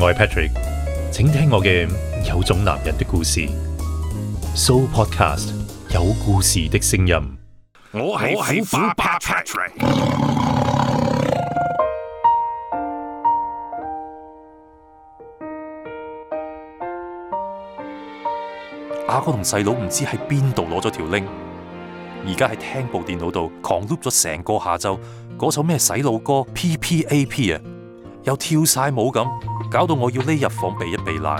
愛 Patrick，請聽我嘅有種男人的故事。So Podcast 有故事的聲音。我係我係 Patrick。阿哥同細佬唔知喺邊度攞咗條 k 而家喺聽部電腦度狂碌咗成個下晝，嗰首咩洗腦歌 P P A P 啊，又跳晒舞咁。搞到我要匿入房避一避難，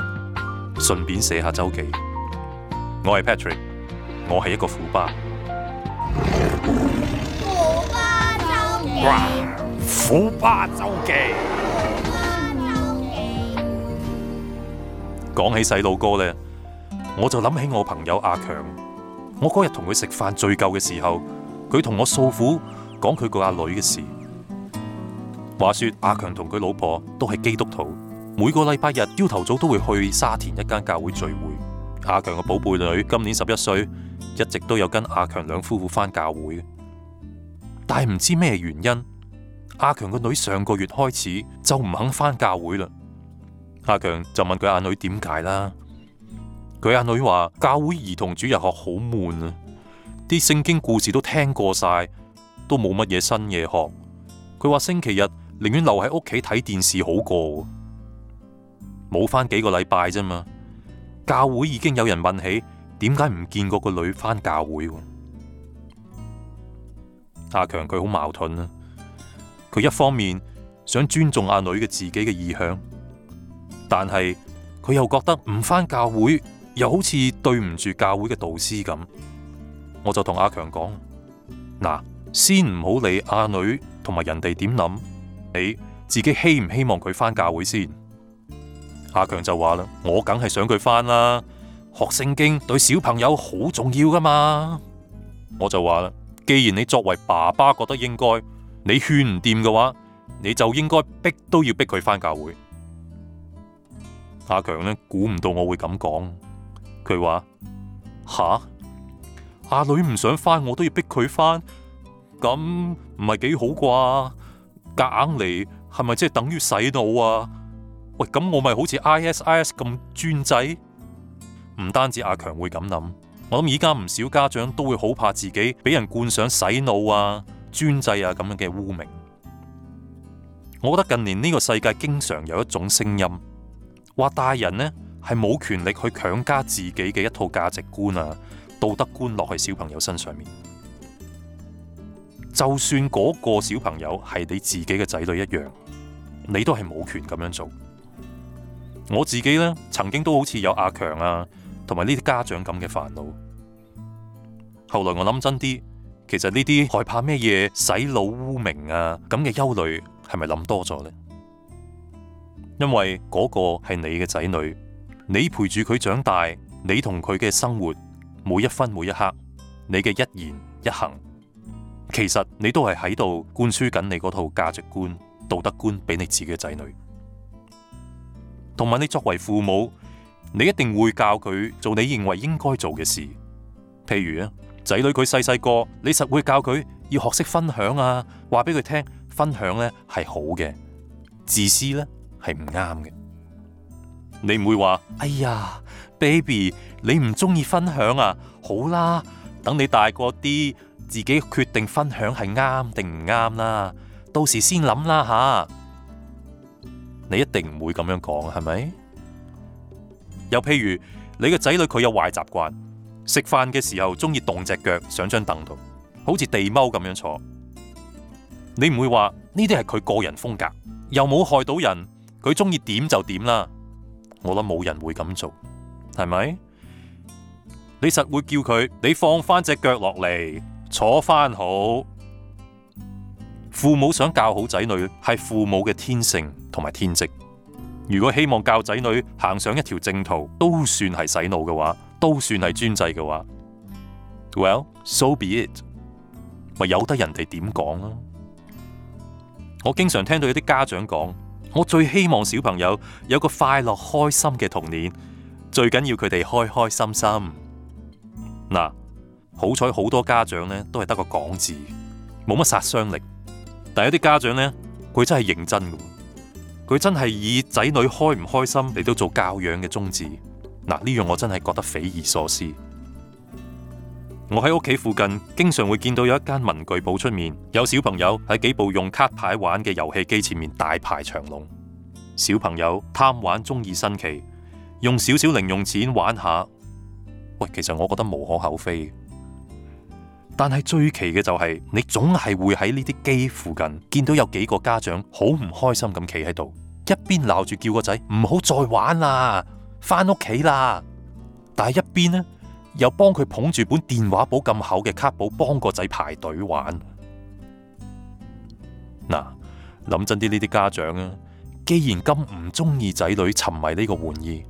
順便寫下周記。我係 Patrick，我係一個虎爸。虎爸周記。虎爸周記。講起細路哥咧，我就諗起我朋友阿強。我嗰日同佢食飯敘舊嘅時候，佢同我訴苦，講佢個阿女嘅事。話說阿強同佢老婆都係基督徒。每個禮拜日朝頭早都會去沙田一間教會聚會。阿強嘅寶貝女今年十一歲，一直都有跟阿強兩夫婦翻教會。但係唔知咩原因，阿強個女上個月開始就唔肯翻教會啦。阿強就問佢阿女點解啦。佢阿女話：教會兒童主日學好悶啊，啲聖經故事都聽過晒，都冇乜嘢新嘢學。佢話星期日寧願留喺屋企睇電視好過。冇翻幾個禮拜啫嘛，教會已經有人問起，點解唔見嗰個女翻教會？阿強佢好矛盾啊，佢一方面想尊重阿女嘅自己嘅意向，但係佢又覺得唔翻教會，又好似對唔住教會嘅導師咁。我就同阿強講：嗱，先唔好理阿女同埋人哋點諗，你自己希唔希望佢翻教會先？阿強就話啦，我梗係想佢翻啦，學聖經對小朋友好重要噶嘛。我就話啦，既然你作為爸爸覺得應該，你勸唔掂嘅話，你就應該逼都要逼佢翻教會。阿強呢，估唔到我會咁講，佢話吓，阿、啊、女唔想翻，我都要逼佢翻，咁唔係幾好啩？夾硬嚟係咪即係等於洗腦啊？喂，咁我咪好似 ISIS 咁專制？唔單止阿強會咁諗，我諗依家唔少家長都會好怕自己俾人灌上洗腦啊、專制啊咁樣嘅污名。我覺得近年呢個世界經常有一種聲音，話大人呢係冇權力去強加自己嘅一套價值觀啊、道德觀落喺小朋友身上面。就算嗰個小朋友係你自己嘅仔女一樣，你都係冇權咁樣做。我自己呢，曾經都好似有阿強啊，同埋呢啲家長咁嘅煩惱。後來我諗真啲，其實呢啲害怕咩嘢洗腦污名啊咁嘅憂慮，係咪諗多咗呢？因為嗰個係你嘅仔女，你陪住佢長大，你同佢嘅生活每一分每一刻，你嘅一言一行，其實你都係喺度灌輸緊你嗰套價值觀、道德觀俾你自己嘅仔女。同埋你作為父母，你一定會教佢做你認為應該做嘅事。譬如啊，仔女佢細細個，你實會教佢要學識分享啊，話俾佢聽分享呢係好嘅，自私呢係唔啱嘅。你唔會話，哎呀，baby，你唔中意分享啊？好啦，等你大個啲，自己決定分享係啱定唔啱啦。到時先諗啦吓。你一定唔會咁樣講，係咪？又譬如你個仔女佢有壞習慣，食飯嘅時候中意動隻腳上張凳度，好似地踎咁樣坐，你唔會話呢啲係佢個人風格，又冇害到人，佢中意點就點啦。我諗冇人會咁做，係咪？你實會叫佢，你放翻隻腳落嚟，坐翻好。父母想教好仔女，係父母嘅天性同埋天職。如果希望教仔女行上一條正途，都算係洗腦嘅話，都算係專制嘅話，Well, so be it，咪由得人哋點講啦。我經常聽到有啲家長講，我最希望小朋友有個快樂開心嘅童年，最緊要佢哋開開心心。嗱，好彩好多家長呢都係得個講字，冇乜殺傷力。但有啲家長呢，佢真係認真嘅，佢真係以仔女開唔開心嚟到做教養嘅宗旨。嗱，呢樣我真係覺得匪夷所思。我喺屋企附近經常會見到有一間文具鋪出面，有小朋友喺幾部用卡牌玩嘅遊戲機前面大排長龍。小朋友貪玩中意新奇，用少少零用錢玩下。喂，其實我覺得無可厚非。但係最奇嘅就係，你總係會喺呢啲機附近見到有幾個家長好唔開心咁企喺度，一邊鬧住叫個仔唔好再玩啦，翻屋企啦，但係一邊呢，又幫佢捧住本電話簿咁厚嘅卡簿，幫個仔排隊玩。嗱、啊，諗真啲，呢啲家長啊，既然咁唔中意仔女沉迷呢個玩意，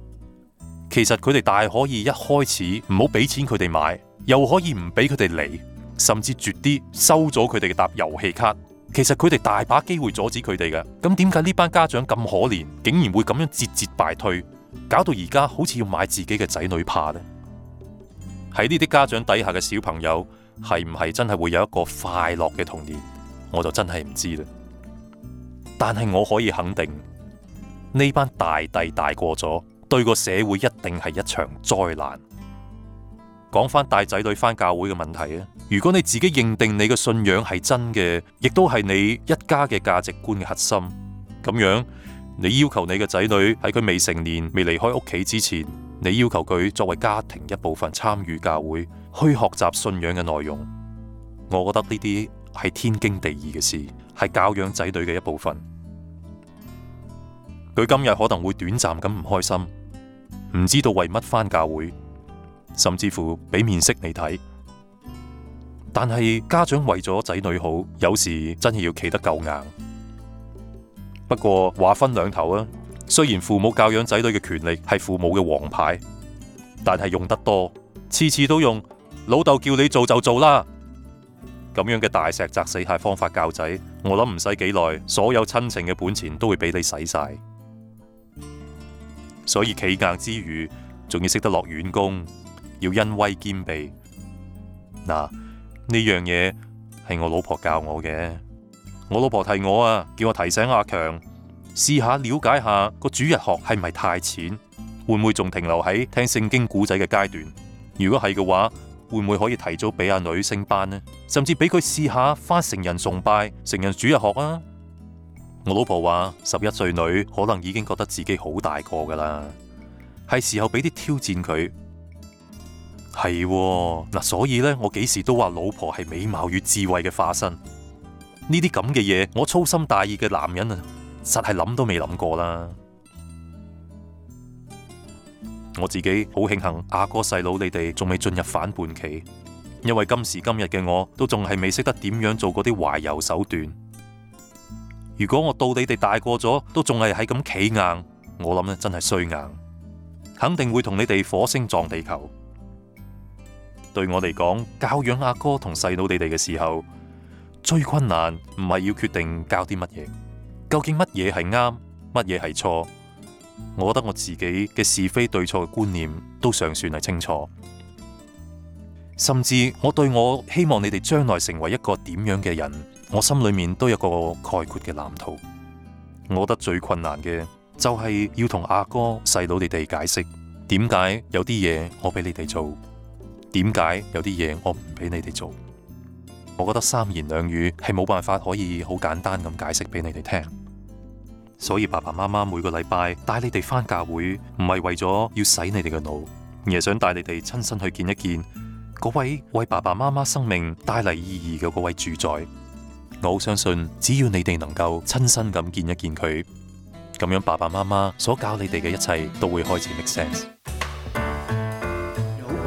其實佢哋大可以一開始唔好俾錢佢哋買，又可以唔俾佢哋嚟。甚至絕啲收咗佢哋嘅搭遊戲卡，其實佢哋大把機會阻止佢哋嘅。咁點解呢班家長咁可憐，竟然會咁樣節節敗退，搞到而家好似要買自己嘅仔女怕呢？喺呢啲家長底下嘅小朋友，係唔係真係會有一個快樂嘅童年？我就真係唔知啦。但係我可以肯定，呢班大帝大過咗，對個社會一定係一場災難。講翻帶仔女翻教會嘅問題啊！如果你自己認定你嘅信仰係真嘅，亦都係你一家嘅價值觀嘅核心，咁樣你要求你嘅仔女喺佢未成年、未離開屋企之前，你要求佢作為家庭一部分參與教會，去學習信仰嘅內容，我覺得呢啲係天經地義嘅事，係教養仔女嘅一部分。佢今日可能會短暫咁唔開心，唔知道為乜返教會，甚至乎俾面色你睇。但係家長為咗仔女好，有時真係要企得夠硬。不過話分兩頭啊，雖然父母教養仔女嘅權力係父母嘅王牌，但係用得多，次次都用老豆叫你做就做啦。咁樣嘅大石砸死蟹方法教仔，我諗唔使幾耐，所有親情嘅本錢都會俾你洗晒。所以企硬之餘，仲要識得落軟功，要恩威兼備嗱。啊呢樣嘢係我老婆教我嘅，我老婆提我啊，叫我提醒阿強試下了解下個主日學係唔係太淺，會唔會仲停留喺聽聖經古仔嘅階段？如果係嘅話，會唔會可以提早俾阿女升班呢？甚至俾佢試下返成人崇拜、成人主日學啊？我老婆話十一歲女可能已經覺得自己好大個㗎喇，係時候俾啲挑戰佢。係嗱，哦，所以咧，我幾時都話老婆係美貌與智慧嘅化身。呢啲咁嘅嘢，我粗心大意嘅男人啊，實係諗都未諗過啦。我自己好慶幸阿哥細佬，你哋仲未進入反叛期，因為今時今日嘅我都仲係未識得點樣做嗰啲懷柔手段。如果我到你哋大個咗，都仲係喺咁企硬，我諗咧真係衰硬，肯定會同你哋火星撞地球。對我嚟講，教養阿哥同細佬你哋嘅時候，最困難唔係要決定教啲乜嘢，究竟乜嘢係啱，乜嘢係錯。我覺得我自己嘅是非對錯嘅觀念都尚算係清楚，甚至我對我希望你哋將來成為一個點樣嘅人，我心裏面都有個概括嘅藍圖。我覺得最困難嘅就係要同阿哥、細佬你哋解釋，點解有啲嘢我俾你哋做。點解有啲嘢我唔俾你哋做？我覺得三言兩語係冇辦法可以好簡單咁解釋俾你哋聽。所以爸爸媽媽每個禮拜帶你哋翻教會，唔係為咗要洗你哋嘅腦，而係想帶你哋親身去見一見嗰位為爸爸媽媽生命帶嚟意義嘅嗰位主宰。我好相信，只要你哋能夠親身咁見一見佢，咁樣爸爸媽媽所教你哋嘅一切都會開始 make sense。